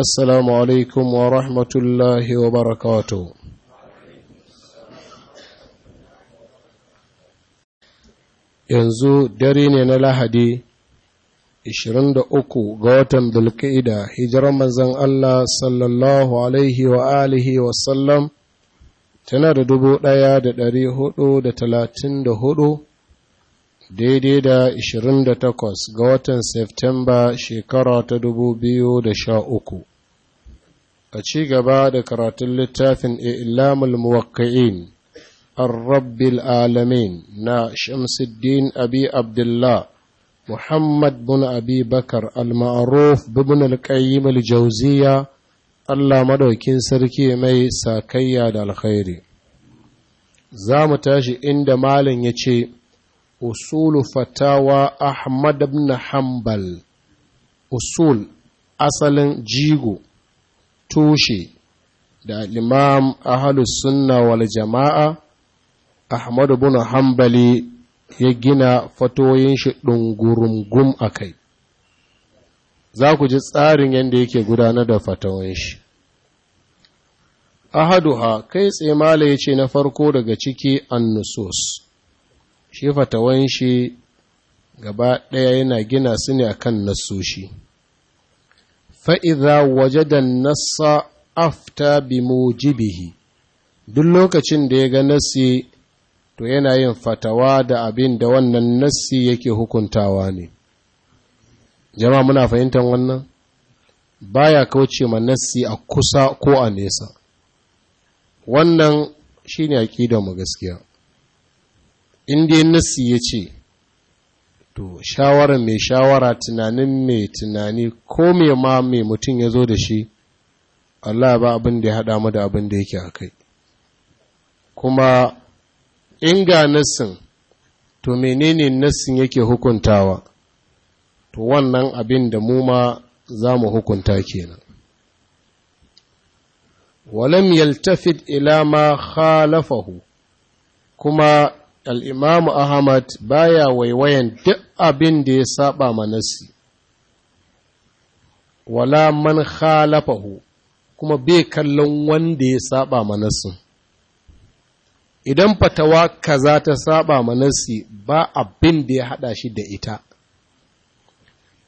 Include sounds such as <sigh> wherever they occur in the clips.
السلام عليكم ورحمة الله وبركاته yanzu dare ne na lahadi 23 ga watan dulka'ida hijirar manzan Allah sallallahu alaihi wa alihi wasallam tana da da talatin 1434 daidai da 28 ga watan Septemba shekara ta 2013 a ci gaba da karatun littafin ilamul muwakka'in rabbil alamin na shamsuddin abi abdullah muhammad bin abi bakar al maruf bin al-qayyim al-jawziya allah madaukin sarki mai sakayya da alkhairi za mu tashi inda malam ya ce usulu fatawa ahmad ibn hanbal usul asalin jigo tushe da limam ahalus sunna wal jama'a ahmad ibn hanbali ya gina fatoyin shi ɗungurungum a kai za ku ji tsarin yadda yake gudanar da fatawan shi ahaduha kai tsaye mala ya ce na farko daga ciki annusos shi fatawan shi gaba ɗaya yana gina su ne akan nassoshi fa'iza da nassa afta bi mujibihi duk lokacin da ya ga nassi to yana yin fatawa da abin da wannan nassi yake hukuntawa ne Jama muna fahimtar wannan baya kauce ma nassi a kusa ko a nesa wannan shine ne mu gaskiya inda nasi ya ce to shawara mai shawara tunanin mai tunani ko mai ma mai mutum ya zo da shi Allah ba abin da ya haɗa mu da abin da yake a kai kuma inga nassin to menene nassin yake hukuntawa to wannan abin da mu ma za mu hukunta kenan walam yaltafit ila ma khalafahu kuma al'imamu Ahmad baya waiwayan duk abin da ya saba manasi, wala man khalafahu kuma bai kallon wanda ya saba manasin. Idan fatawa kaza ta saba manasi ba abin da ya haɗa shi da ita,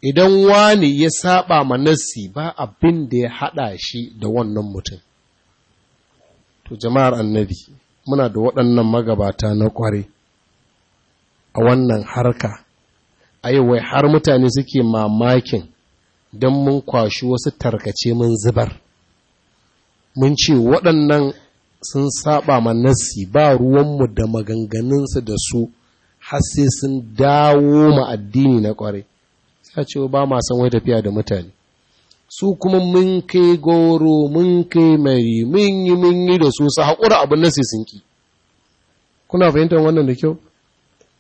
idan wani ya saba manasi ba abin da ya haɗa shi da wannan mutum. To jama'ar annabi. muna da waɗannan magabata na ƙware a wannan harka a yi wai har mutane suke mamakin don mun kwashi wasu tarkace mun zubar mun ce waɗannan sun saba ma nassi ba ruwanmu da maganganunsu da su har sai sun dawo ma addini na ƙware sai ce ba ma san wai tafiya da mutane su kuma mun kai goro mun kai mari mun yi mun yi da su su haƙura abin nasi sisinki sun ki kuna fahimtar wannan da kyau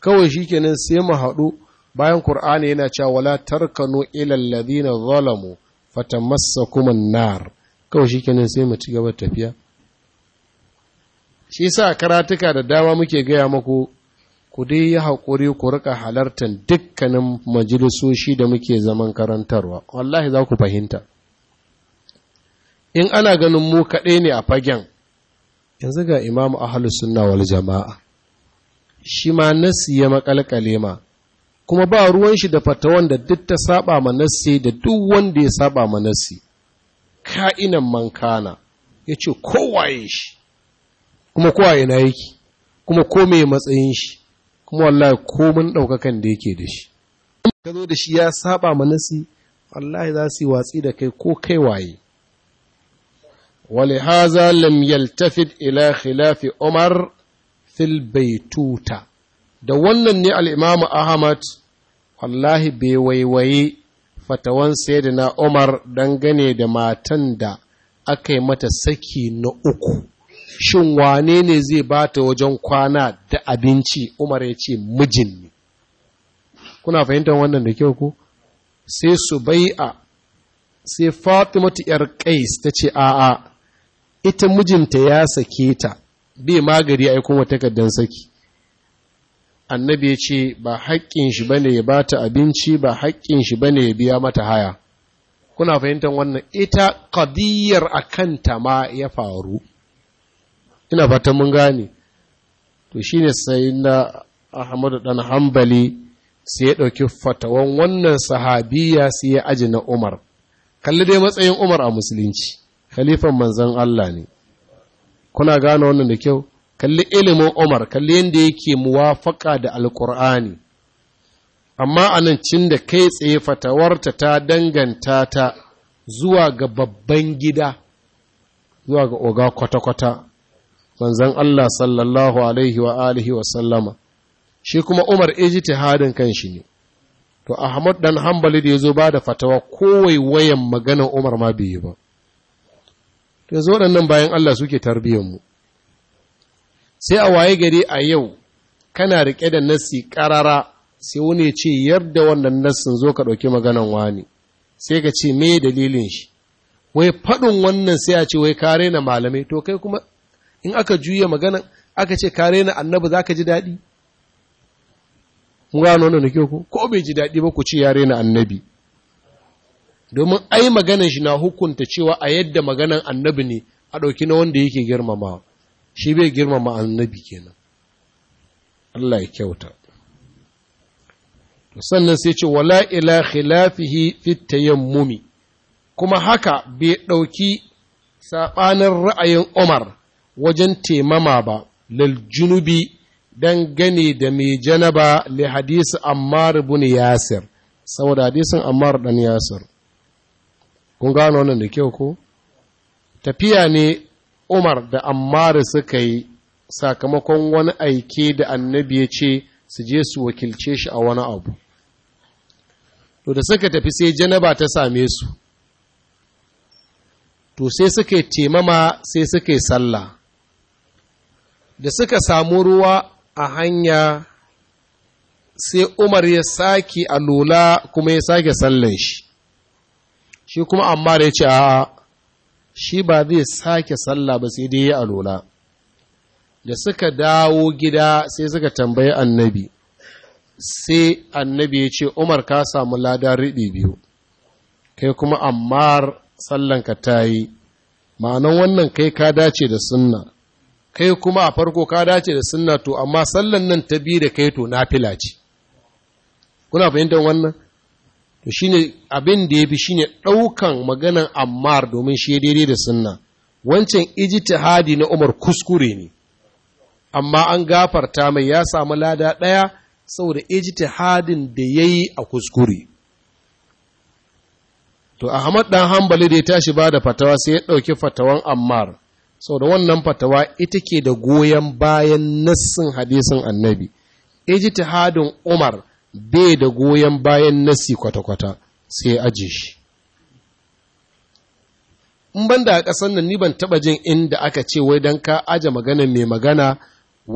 kawai shi kenan sai mu haɗu bayan ƙur'ani yana cewa wala tarkanu ilal ladina zalamu fatamassakum annar kawai kawai kenan sai mu ci gaba tafiya shi yasa karatuka da dama muke gaya muku ku dai yi haƙuri ku rika halartar dukkanin majalisoshi da muke zaman karantarwa wallahi za ku fahimta in ana ganin mu kaɗai ne a fagen yanzu ga imamu ahalus sunna wal jama'a shi ma nasi ya makalkale ma kuma ba ruwan shi da fatawan da duk ta saba ma nasi da duk wanda ya saba ma nasi ka'inan mankana ya ce kowaye shi kuma kowaye na yake kuma ko mai matsayin shi kuma wallahi komin ɗaukakan da yake da shi ka zo da shi ya saba manasi wallahi za su yi watsi da kai ko kai waye haza lam yaltafid ila خلاف Umar fil Baituta? da wannan ne alimam Ahmad wallahi bai waiwaye fatawan sayyidina Umar dangane da matan da aka yi mata saki na uku shin wane ne zai bata wajen kwana da abinci umar ya ce mijin ne kuna fahimtar wannan da kyau ko sai subai'a sai fatimatu yar kais ta ce a'a ita mijinta ya sake ta bai magari ai kuma takardar saki annabi ya ce ba haƙƙin shi bane ya bata abinci ba haƙƙin shi bane ya biya mata haya kuna fahimtar wannan ita a kanta ma ya faru ina fatan mun gane to shine sai na Ahmadu dan Hambali sai ya ɗauki fatawan wannan sahabiya sai ya aji na Umar kalli dai matsayin Umar a musulunci khalifan manzon Allah ne kuna gane wannan da kyau kalli ilimin Umar kalli yadda yake muwafaka da alkur'ani amma anan cin da kai tsaye fatawarta ta danganta ta zuwa ga babban gida zuwa ga oga kwata-kwata manzan Allah sallallahu alaihi wa alihi wa sallama shi kuma Umar ijtihadin kanshi ne to Ahmad dan Hanbali da ya zo ba da fatawa kowai wayan maganar Umar ma bai ba to yazo waɗannan bayan Allah suke tarbiyyar mu sai a waye gari a yau kana rike da nasi karara sai wani ce yarda wannan nassin zo ka ɗauki maganan wani sai ka ce me dalilin shi wai faɗin wannan sai a ce wai kare na malamai to kai kuma in aka juya magana aka ce ka raina annabi za ka ji daɗi Mura na wannan da kyau ko ko bai ji daɗi ba ku ci yare raina annabi domin ai maganan shi na hukunta cewa a yadda maganan annabi ne a ɗauki na wanda yake girmama shi bai girmama annabi kenan Allah ya kyauta sannan sai ce wala ila khilafihi fi tayammumi kuma haka bai ɗauki saɓanin ra'ayin Umar wajen temama ba lil junubi dan gane da mai janaba li hadisi ammar ibn yasir saboda hadisin ammar dan yasir kun gano wannan da kyau ko tafiya ne umar da ammar suka yi sakamakon wani aike da annabi ya ce su je su wakilce shi a wani abu to da suka tafi sai janaba ta same su to sai suka yi temama sai suka yi sallah da suka samu ruwa a hanya sai umar ya sake a lula kuma ya sake sallan shi shi kuma amma da ya ce a shi ba zai sake sallah ba sai dai ya a lula da suka dawo gida sai suka tambayi annabi sai annabi ya ce umar ka samu lada riɗi biyu kai kuma ammar sallanka ta yi ma'anan wannan kai ka dace da sunna kai kuma a farko ka dace da sunna to amma sallan nan ta biyu da kai to nafila ce kuna fahimtar wannan to shine abin da ya fi shine ɗaukan maganan ammar domin shi daidai da sunna wancan ijtihadi na Umar kuskure ne amma an gafarta mai ya samu lada ɗaya saboda ijtihadin da ya yi a kuskure to Ahmad dan hambali da ya tashi ba da fatawa sai ya ɗauki fatawan Ammar sau da wannan fatawa ita ke da goyon bayan nassin hadisin annabi ijtihadin umar bai da goyon bayan nassi kwata-kwata sai aje shi in ban da a ƙasar nan ni ban taɓa jin inda aka ce wai don ka aje magana mai magana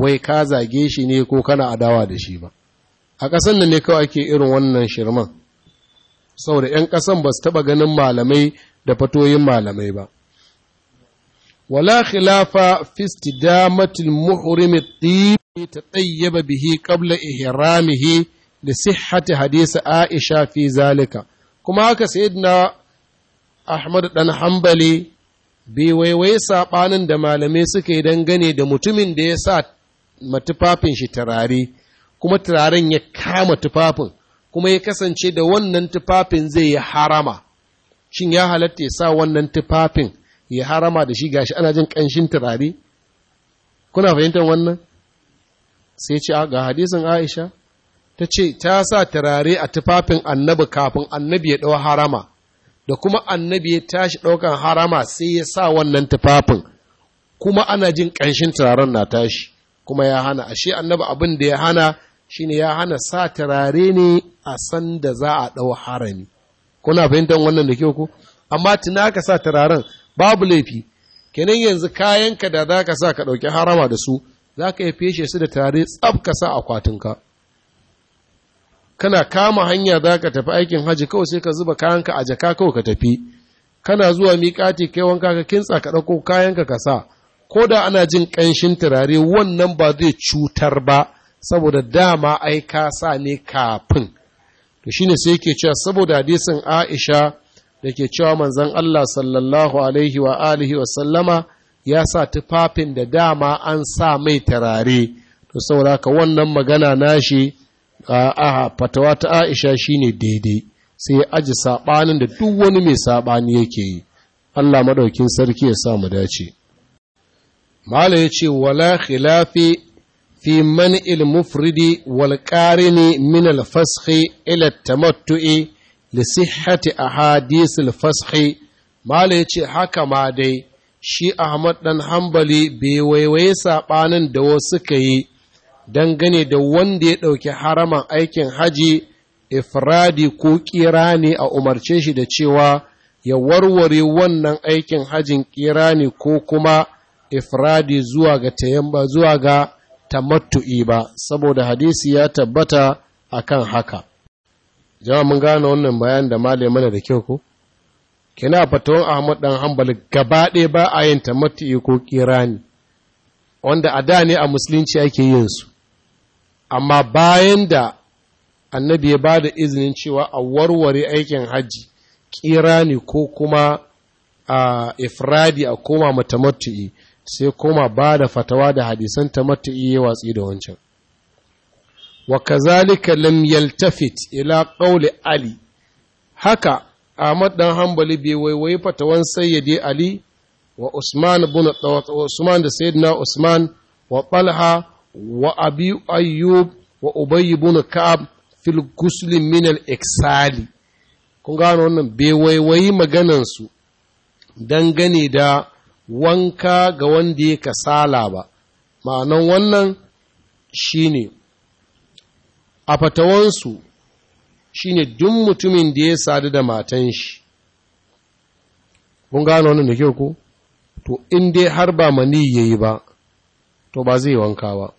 wai ka zage shi ne ko kana adawa da shi ba a ƙasar nan ne kawai ake irin wannan shirman da 'yan ƙasan ba su taɓa ganin malamai da fatoyin malamai ba wala khilafa fi istidamatil muhrim at-tib tatayyaba bihi qabla ihramihi da sihhati hadith Aisha fi zalika kuma haka sayyidina Ahmad ɗan Hanbali bai waiwaye saɓanin da malamai suka yi dangane da mutumin da ya sa matufafin shi turare kuma turaren ya kama tufafin kuma ya kasance da wannan tufafin zai yi harama shin ya halatta ya sa wannan tufafin ya harama da shi gashi ana jin ƙanshin turare kuna fahimtar wannan sai ce ga hadisin Aisha ta ce ta sa turare a tufafin annabi kafin annabi ya ɗau harama da kuma annabi ya tashi ɗaukan harama sai ya sa wannan tufafin kuma ana jin ƙanshin turaren na tashi kuma ya hana ashe annabi abin da ya hana shine ya hana sa turare ne a san da za a ɗau harami kuna fahimtar wannan da kyau ko amma tuna ka sa turaren babu laifi kenan yanzu kayanka da za ka sa ka ɗauki harama da su za ka iya feshe su da tare tsab ka sa akwatinka kana kama hanya za ka tafi aikin haji kawai sai ka zuba kayanka a jaka kawai ka tafi kana zuwa miƙati kai wanka ka kintsa ka ɗauko kayanka ka sa ko da ana jin ƙanshin turare wannan ba zai cutar ba saboda dama ai ka sa ne kafin to shine sai ke cewa saboda hadisin Aisha da ke cewa manzon Allah sallallahu alaihi wa alihi wa sallama ya sa tufafin da dama an sa mai tarare to sauraka wannan magana nashi a fatawa ta Aisha shine daidai sai ya aji saɓanin da duk wani mai saɓani yake yi Allah maɗaukin sarki ya sa mu dace mala yace wala khilafi fi man'il mufridi wal qarini min al fasxi ila tamattu'i li a hadisil fashi mala yace haka ma dai shi Ahmad ɗan hambali bai waiwaye saɓanin da wasu ka yi dangane da wanda ya ɗauki haraman aikin haji ifradi ko ƙirani a umarce shi da cewa ya warware wannan aikin hajin ƙirani ko kuma ifradi zuwa ga tayamba zuwa ga tamattu'i ba saboda hadisi ya tabbata akan haka jama mun gane wannan bayan da malai mana da kyau ko kina fatawan ahmad dan hanbali gaba ɗaya ba a yin tamatti ko kirani wanda a da ne a musulunci ake yin su amma bayan da annabi ya ba da izinin cewa a warware aikin hajji kirani ko kuma a ifradi a koma matamattu'i sai koma bada fatawa da hadisan tamattu'i ya watsi da wancan wa kazalika lam yaltafit ila ƙaule ali haka Ahmad ɗan hambali bai waiwayi fatawan Sayyidi Ali wa Usman ibn da Sayyidina Usman wa Talha wa Ayyub wa Ubay ibn Ka'ab fil ghusl min iksali kun gano bai waiwayi maganan su dangane da wanka ga wanda ya kasala ba ma'anan wannan shine a fatawansu shine duk mutumin da ya sadu da matan shi kun gano wannan da kyau ko to in dai har ba mani yayi ba to ba zai wanka ba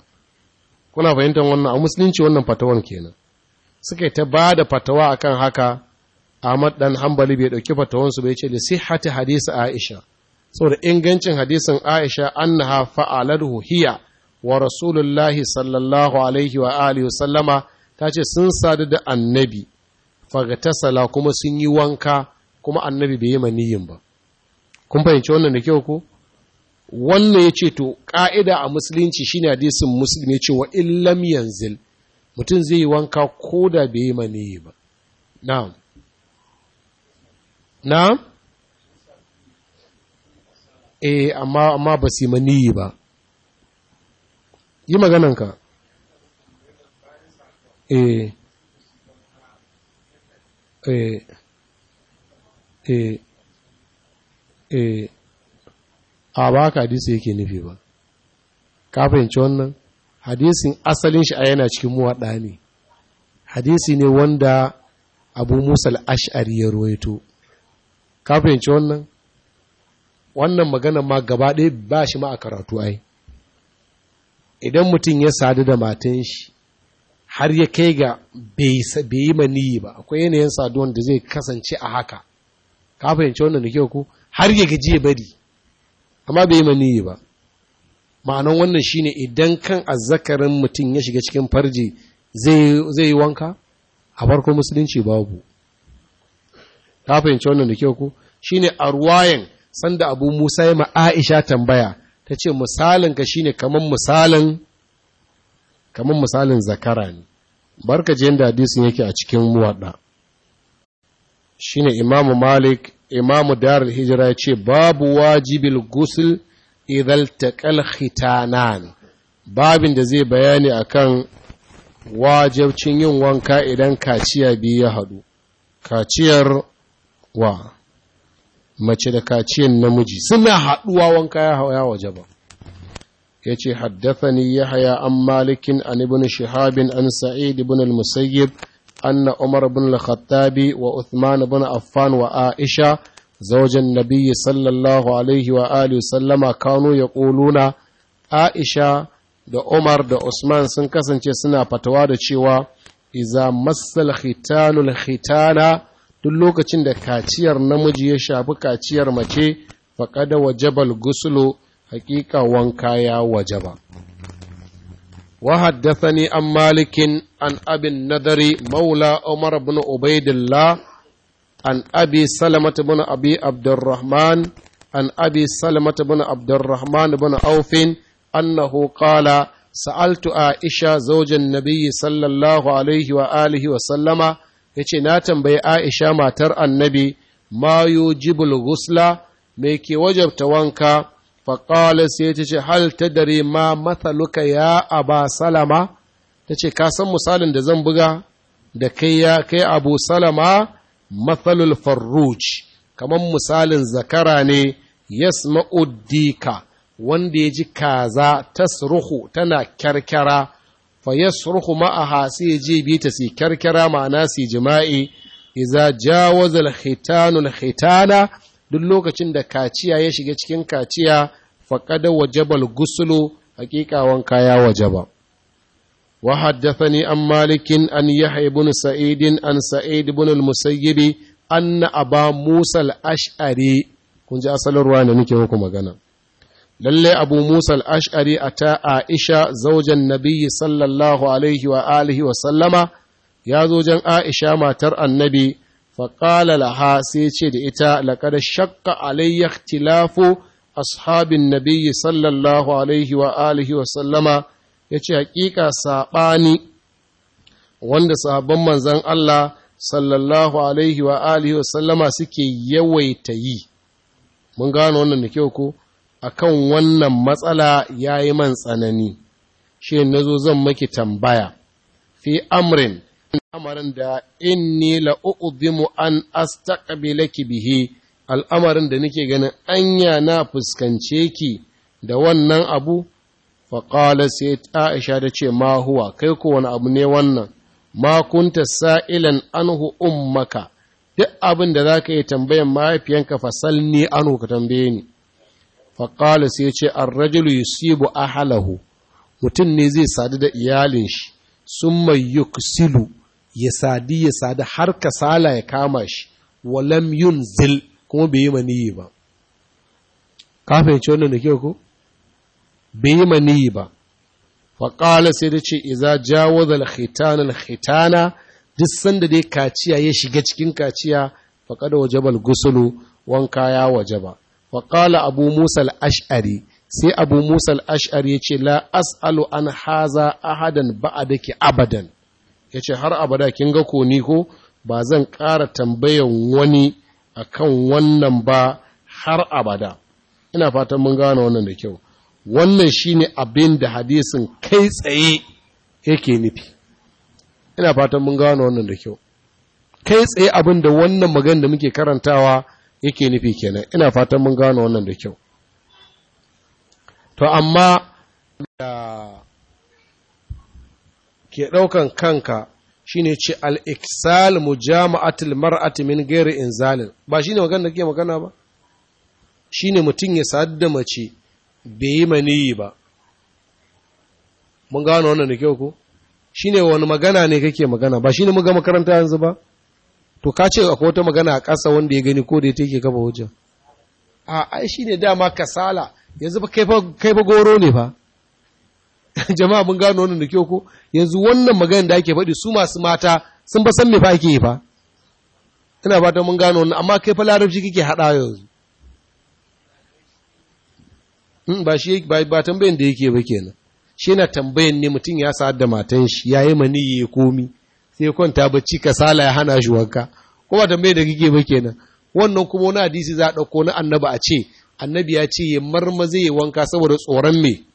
kuna fahimtar wannan a musulunci wannan fatawan kenan suka ta ba da fatawa akan haka Ahmad dan Hanbali bai dauki fatawansu bai ce da sihhati hadisi Aisha saboda ingancin hadisin Aisha annaha fa'alahu hiya wa rasulullahi sallallahu alaihi wa alihi wa sallama ta ce sun sadu da annabi fagatasala kuma sun yi wanka kuma annabi bai yi maniyin ba kun fahimci wannan da kyau ko wannan ya ce to ƙa'ida a musulunci shine hadisin musulmi ce wa illam yanzil mutum zai yi wanka ko da bai yi maniyi ba na'am na'am eh amma amma ba su yi maniyi ba yi magananka Eh, eh eh eh eh a ba ka hadisi yake nufi ba ka fahimci wannan hadisin asalin shi a yana cikin muwaɗa ne hadisi ne wanda abu musal ash'ari ya ruwaito ka fahimci wannan wannan magana ma gaba ɗaya ba shi ma a karatu ai idan mutum ya sadu da matan shi har ya kai ga bai yi maniyi ba akwai yanayin saduwan da zai kasance a haka ka fahimci wannan da kyau ko har ya gaji ya bari amma bai yi maniyi ba ma'anan wannan shine idan kan azzakarin mutum ya shiga cikin farji zai yi wanka a farko musulunci babu ka fahimci wannan da kyau ko shine a ruwayan sanda abu musa ya ma'aisha tambaya ta ce misalin ka shine kamar misalin kamar misalin zakara ne barkaci yadda hadisin yake a cikin shi shine imamu malik imamu darul hijira ya ce babu wajibil gusul idal taƙal khitanan babin da zai bayani akan wajabcin yin wanka idan kaciya biyu ya haɗu kaciyar wa mace da kaciyar namiji suna haɗuwa wanka ya waje ba ya ce haddathani haya an malikin an ibn shahabin an sa'id ibn al-musayyib anna umar ibn al-khattabi wa uthman ibn affan wa aisha زوج النبي صلى الله عليه وآله وسلم كانوا يقولون Aisha da Umar da Usman sun kasance suna fatawa da cewa iza massal khitanul khitana duk lokacin da kaciyar namiji ya shafi kaciyar mace faqada wajabal guslu hakika wanka ya wajaba وحدثني عن مالك عن أبي النذر مولى عمر بن عبيد الله عن أبي سلمة بن أبي عبد الرحمن عن أبي سلمة بن عبد الرحمن بن عوف أنه قال سألت عائشة زوج النبي صلى الله عليه وآله وسلم yace na tambayi Aisha matar annabi ma yujibul ghusla me ke wajabta wanka faƙala sai ta ce hal ta dare ma mathaluka ya aba salama ta ce ka san misalin da zan buga da kai ya kai abu salama mathalul farruj kamar misalin zakara ne yasma'uddika wanda ya ji kaza tasruhu tana kyarkyara fa yasruhu ma'aha sai ya je bi ta sai kyarkyara ma'ana si jima'i iza jawazal khitanul khitana duk lokacin da kaciya ya shiga cikin kaciya faƙada wajabal gusulu hakika wanka ya ba. wa haddathani an malikin an yahya ibn sa'idin an sa'id ibn al-musayyib anna aba musa al-ash'ari kun ji asalin ruwa da nake muku magana Lallai abu musa al-ash'ari ata aisha zaujan nabiyyi sallallahu alaihi wa alihi wa sallama ya zo jan aisha matar annabi faƙala laha sai ce da ita laƙada shakka alayya ikhtilafu ashabin nabiyyi sallallahu alaihi wa alihi wa sallama ya ce hakika saɓani wanda sabon manzan Allah sallallahu alaihi wa alihi wa sallama suke yawaita yi mun gano wannan da kyau ko akan wannan matsala yayi man tsanani shi nazo zan maki tambaya fi amrin amarin da inni la'u'udhimu an astaqbilaki bihi al'amarin da nake ganin anya na fuskance ki da wannan abu faƙala sai aisha da ce ma huwa kai ko wani abu ne wannan ma ta sa'ilan anhu ummaka duk abin da za ka yi tambayan mahaifiyanka fasal ni an ka tambaye ni faƙala sai ce an arrajulu yusibu halahu, mutum ne zai sadu da iyalin shi sun mai yuksilu ya sadi ya sadi har sala ya kama shi walam yun zil kuma bai yi maniyi ba ka ce wannan da ke ku? bai yi maniyi ba faƙala sai da ce iza jawo da khitana duk sanda dai kaciya ya shiga cikin kaciya da waje bal gusulu wanka ya waje ba. faƙala abu musa al-ash'ari sai abu musa al-ash'ari ce la as'alu an haza ahadan ba'daki abadan Ya ce har abada kin ga ko ni ko ba zan ƙara tambayan wani akan wannan ba har abada ina fatan mun gane wannan da kyau wannan shine abin da hadisin kai tsaye yake nufi ina fatan mun gane wannan da kyau kai tsaye abin da wannan magana da muke karantawa yake nufi kenan ina fatan mun gane wannan da kyau to amma da ke ɗaukan kanka shine ce al mu jama’atul mar'ati min in inzalin ba shi ne magana da ke magana ba ne mutum ya sadu da mace bai yi maniyi ba mun gano wannan da kyau ko ne wani magana ne kake magana ba shi shine muga makaranta yanzu ba to ka ce akwai wata magana a ƙasa wanda ya gani ko da ya take kafa hujja a ai ne dama kasala yanzu ba kai ba goro ne ba? <laughs> jama'a mun gano wannan da kyau ko yanzu wannan maganar da ake faɗi su masu mata sun ba san me fa ake yi fa ina fatan mun gano wannan amma kai fa larabci kike hada yanzu in hmm, ba shi ba ba tambayan da yake ba kenan shi na tambayan ne mutum ya sa da matan shi yayi mani ya komi sai kwanta bacci kasala ya hana shi wanka ko ba tambayan da kike ba kenan wannan kuma wani hadisi za a dauko na annabi a ce annabi ya ce ya marmaze ya wanka saboda tsoron me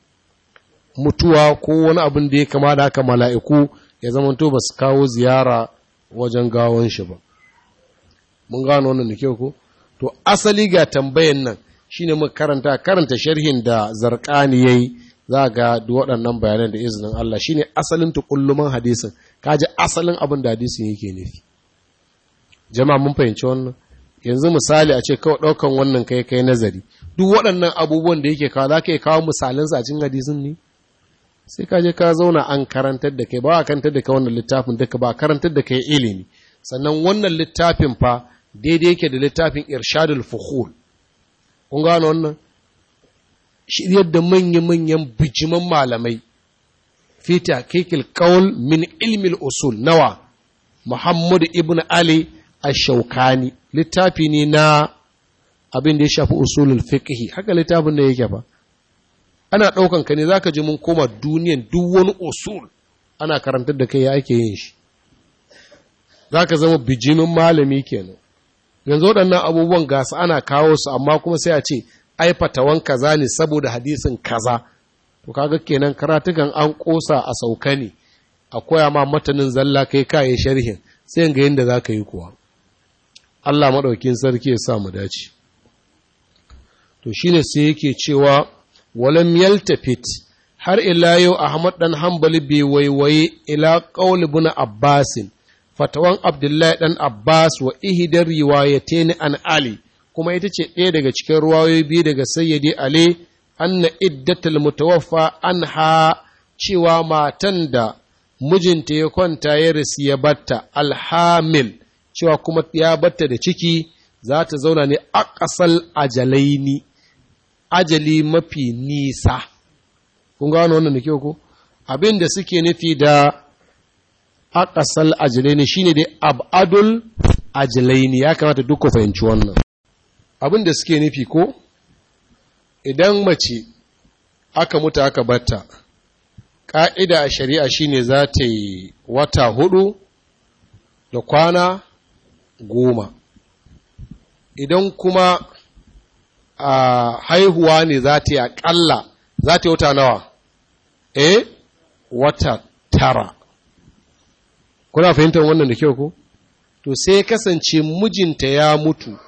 mutuwa ko wani abin da ya kama da haka mala'iku ya zamanto ba su kawo ziyara wajen gawon shi ba mun gano wannan da kyau ko to asali ga tambayan nan shine mu karanta karanta sharhin da ya yi za ga waɗannan bayanan da izinin Allah Shi ne asalin tukulluman hadisin ji asalin abin da hadisin yake nufi jama'a mun fahimci wannan yanzu misali a ce kawai ɗaukan wannan kai kai nazari duk waɗannan abubuwan da yake kawo za ka kawo misalinsa a cikin hadisin ne sai ka je ka zauna an karantar da kai ba a karantar da kai wannan littafin duka ba karantar da kai ilimi sannan wannan littafin fa daidai yake da littafin irshadul fuhul kun gano wannan shiryar da manya-manyan bijiman malamai fita tahqiqil qawl min ilmi usul nawa Muhammad ibn Ali ash-Shawkani littafi ne na abin da ya shafi usulul fiqh haka littafin da yake ba ana ɗaukan ka ne za ka ji mun koma duniyan duk wani usul ana karantar da kai ya ake yin shi za ka zama bijimin malami kenan yanzu waɗannan abubuwan gasa ana kawo su amma kuma sai a ce ai fatawan kaza ne saboda hadisin kaza to kaga kenan karatukan an ƙosa a sauka ne a koya ma matanin zalla kai kaye sharhin sai ga yadda za ka yi kuwa Allah maɗaukin sarki ya sa mu dace to shine sai yake cewa walam yaltafit har ila yau Ahmad dan hambali bai waiwaye ila qauli ibn Abbasin fatawan Abdullahi dan Abbas wa ihdar riwayatain an Ali kuma ita ce ɗaya daga cikin ruwayoyi biyu daga sayyidi Ali anna iddatul mutawaffa anha cewa matan da mijinta ya kwanta ya rasu ya batta alhamil cewa kuma ya batta da ciki za ta zauna ne a ƙasal ajalaini ajali mafi nisa kun gano wannan da kyau ko abin da suke nufi da akasal ajalaini shine dai abadul ajalaini ya kamata duk ku fahimci wannan abin da suke nufi ko idan mace aka mutu aka batta ƙa'ida a shari'a shine za ta yi wata hudu da kwana goma idan kuma a haihuwa ne za ta yi aƙalla za ta yi wata nawa eh wata tara kuna fahimtar wannan da kyau ko to sai kasance mijinta ya mutu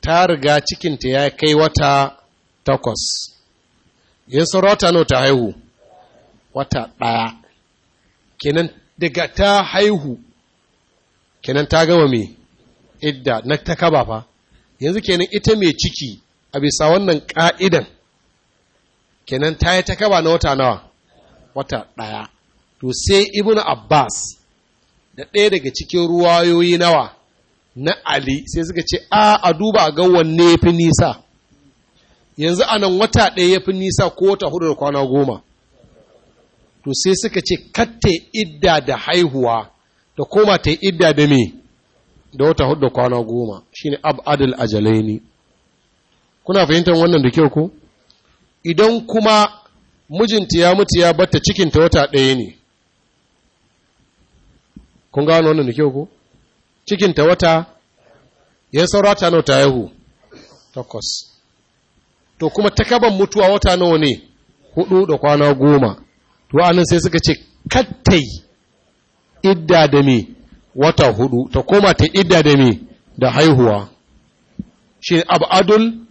ta riga cikinta ya kai wata takwas yin wata nawa ta haihu wata ɗaya kenan daga ta haihu kenan ta gama me idda na ta kaba fa yanzu kenan ita mai ciki a bisa wannan ƙa'idan kenan ta yi ta kaba na wata nawa wata ɗaya to sai Ibn abbas da ɗaya daga cikin ruwayoyi nawa na ali sai suka ce a a duba a ga wanne ya fi nisa yanzu a nan wata ɗaya ya fi nisa ko wata hudu da kwana goma to sai suka ce katte idda da haihuwa da koma ta idda da me da wata hudu da kwana goma shine abadul ajalaini kuna fahimtar wannan da kyau ko idan kuma mijinta ya mutu ya batta cikinta wata ɗaya ne kun gano wannan da kyau ko cikinta wata ya saura ta nawa ta yahu takwas to kuma ta kaban mutuwa wata nawa ne hudu da kwana goma to anan sai suka ce kattai idda da me wata hudu ta koma ta idda da me da haihuwa shi adul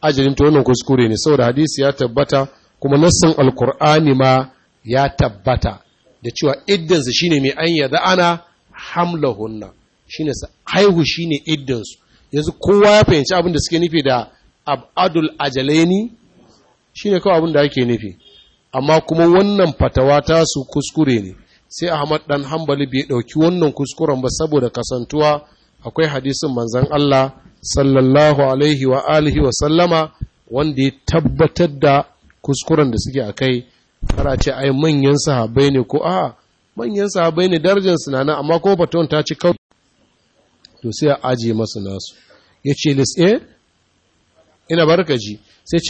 ajalin ta wannan kuskure ne saboda hadisi ya tabbata kuma nassin alkur'ani ma ya tabbata da cewa iddansu shine mai an yada ana hamlahunna shine haihu shine iddansu yanzu kowa ya fahimci abin da suke nufi da abadul ajalaini shine kawai abin da ake nufi amma kuma wannan fatawa ta su kuskure ne sai Ahmad dan hambali bai dauki wannan kuskuren ba saboda kasantuwa akwai hadisin manzon Allah sallallahu alaihi wa alihi wa sallama wanda ya tabbatar da kuskuren da suke a kai kara ce ai manyan sahabai ne ko a manyan sahabai ne darajar sunana amma ko baton ta ci kawai to sai a aje masu nasu ya ce lis'e eh, ina ji. sai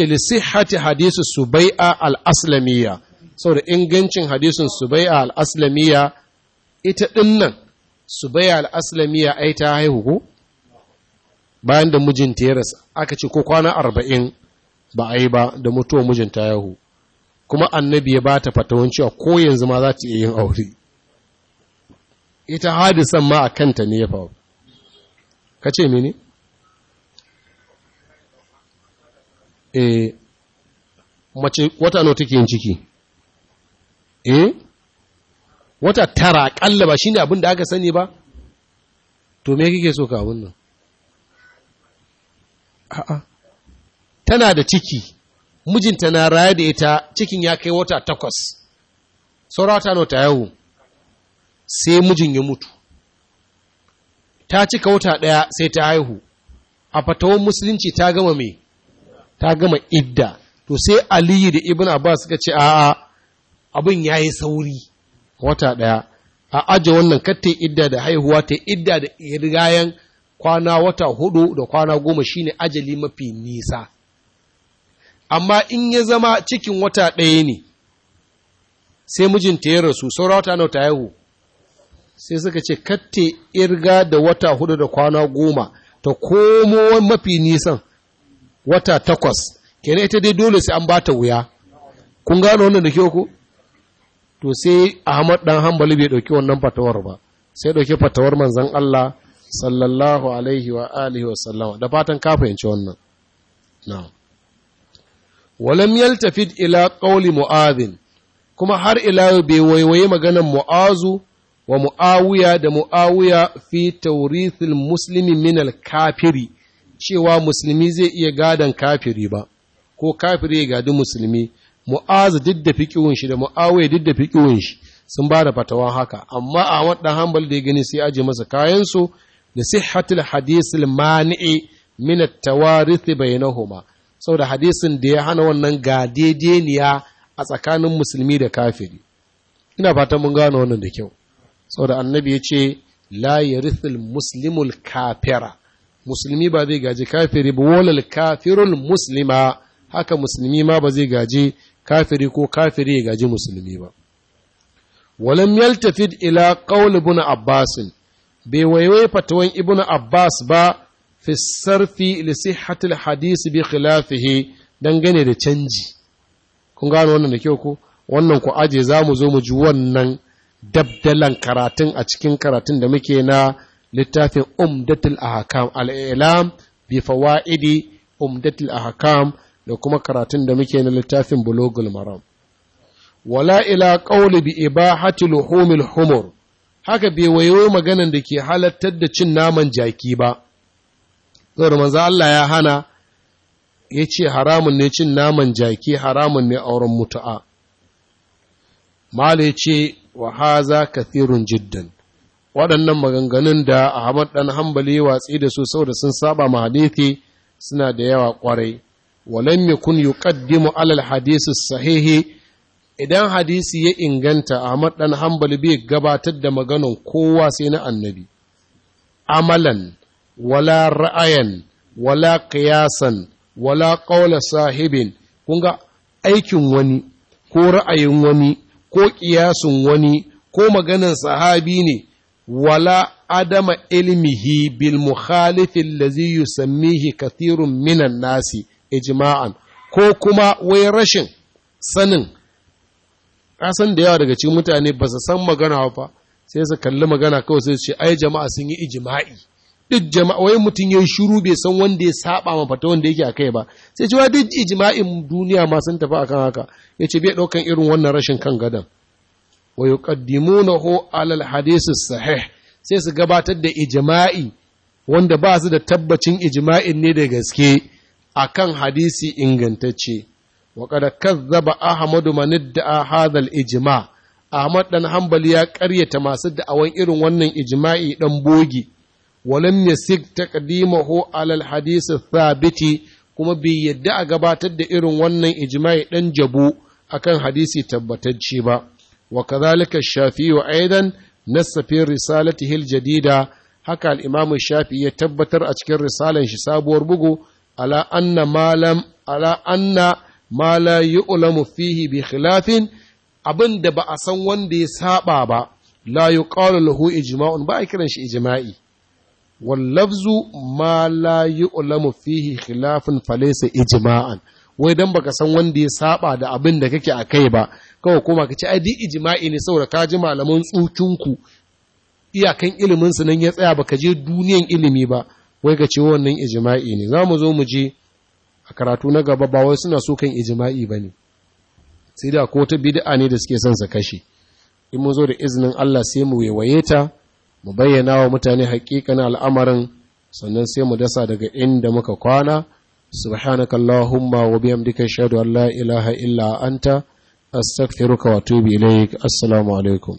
ce hati hadisu subai'a al-aslamiyya saboda ingancin hadisin subai'a al-aslamiyya ita dinnan subai'a al-aslamiyya ai ta haihu ko bayan da mijinta ya rasa aka ce ko kwana arba'in ba a yi ba da mutuwa mijinta yahu kuma annabi ya ba ta fatawan cewa ko yanzu ma za ta iya yin aure ita hadisan ma a kanta ne ya faru ka ce mini? e eh, mace wata nawa take yin ciki e wata tara akalla ba shine abin da aka sani ba to me kike so ka abin nan a'a tana da ciki mijinta na raya da ita cikin ya kai wata takwas saurata na wata yawo sai mijin ya mutu ta cika wata ɗaya sai ta haihu a fatawar musulunci ta gama me ta gama idda to sai aliyu da ibn abbas suka ce a'a abin ya yi sauri wata ɗaya a aje wannan kattai idda da haihuwa ta idda da irgayen kwana wata hudu da kwana goma shine ajali mafi nisa amma in ya zama cikin wata ɗaya ne sai mijinta ya rasu saura wata na ta haihu sai suka ce katte irga da wata hudu da kwana goma ta komo mafi nisan wata takwas kenan ita dai dole sai an ba ta wuya kun gano wannan da kyau ko to sai Ahmad dan Hanbali bai ɗauki wannan fatawar ba sai ɗauki fatawar manzon Allah sallallahu alaihi wa alihi wa sallama da fatan ka fahimci wannan na'am lam yaltafid ila qawli mu'adhin kuma har ila bai waiwaye maganar mu'azu wa mu'awiya da mu'awiya fi tawrithil muslimi min al-kafiri cewa musulmi zai iya gadan kafiri ba ko kafiri ya gadi musulmi mu'azu duk da fiqhun shi da mu'awiya duk da fiqhun shi sun ba da fatawa haka amma a wadda hanbal da ya gani sai aje masa kayan su لصحة الحديث hadis mani'i التوارث بينهما سو ده saboda hadisin da ya hana wannan gadedeniya a tsakanin musulmi da kafiri ina fatan mun gano wannan da kyau da annabi ya ce la yarithul muslimul kafira musulmi ba zai gaji kafiri ba walal kafirul muslima haka musulmi ma ba zai gaji kafiri ko kafiri ya gaji musulmi ba walam yaltafid ila qawl ibn Abbasin. bai waiwai fatawan ibnu abbas ba fi sarfi li sihhatil hadisi bi khilafihi dangane da canji kun gano wannan da kyau ko wannan ku aje za mu zo mu ji wannan dabdalan karatun a cikin karatun da muke na littafin umdatul ahkam al-ilam bi fawaidi umdatul ahkam da kuma karatun da muke na littafin bulogul maram wala ila qawli bi ibahati luhumil humur haka bai wayo maganan da ke halattar da cin naman jaki ba saboda manzo Allah ya hana ya ce haramun ne cin naman jaki haramun ne auren mutu'a mala ya ce wa haza kathirun jiddan waɗannan maganganun da Ahmad ɗan hambali watsi da su saboda sun saba ma hadithi suna da yawa ƙwarai walam yakun yuqaddimu alal hadisi sahihi idan hadisi ya inganta Ahmad ɗan hambali bai gabatar da maganan kowa sai na annabi amalan wala ra'ayan wala kiyasan, wala qawla sahibin kun ga aikin wani ko ra'ayin wani ko kiyasun wani ko maganan sahabi ne wala adama ilmihi bil zai yi sammihi kathirun minan nasi ijima'an ko kuma wai rashin sanin kasan da yawa daga cikin mutane ba su san magana ba sai su kalli magana kawai sai su ce ai jama'a sun yi ijma'i duk jama'a wai mutum yayi shiru bai san wanda ya saba ma fata wanda yake akai ba sai cewa duk ijma'in duniya ma sun tafi akan haka yace bai daukan irin wannan rashin kan gadan wa yuqaddimunahu alal hadisi sahih sai su gabatar da ijma'i wanda ba su da tabbacin ijma'in ne da gaske akan hadisi ingantacce wa kada kazzaba ahmadu man idda'a hadha al-ijma ahmad dan hanbali ya karyata masu da'awan irin wannan ijma'i dan bogi walam yasig taqdimahu ala al-hadith kuma bai yadda a gabatar da irin wannan ijma'i dan jabu akan hadisi tabbatacce ba wa kadhalika wa aidan nassa fi risalatihi al haka al shafi ya tabbatar a cikin risalan shi sabuwar bugu ala anna malam ala anna ma la yu'lamu fihi bi khilafin abin da ba a san wanda ya saba ba la yuqalu lahu ijma'un ba a kiran shi ijima'i wallafzu lafzu ma la ulamu fihi khilafin falesa ijima'an wai dan baka san wanda ya saba da abin da kake a kai ba kawai kuma ka ce ai di ne saboda ka ji malaman tsukinku iyakan iliminsu su nan ya tsaya baka je duniyan ilimi ba wai ka ce wannan ijima'i ne za mu zo mu je a karatu na gaba ba wai suna so kan ijima'i ba ne sai da ko ta bid'a ne da suke son sa kashe in mun zo da izinin Allah sai mu waye ta mu bayyana wa mutane haƙiƙanin al'amarin sannan sai mu dasa daga inda muka kwana subhanaka allahumma wa bihamdika ashhadu an la ilaha illa anta astaghfiruka wa atubu ilaik assalamu alaikum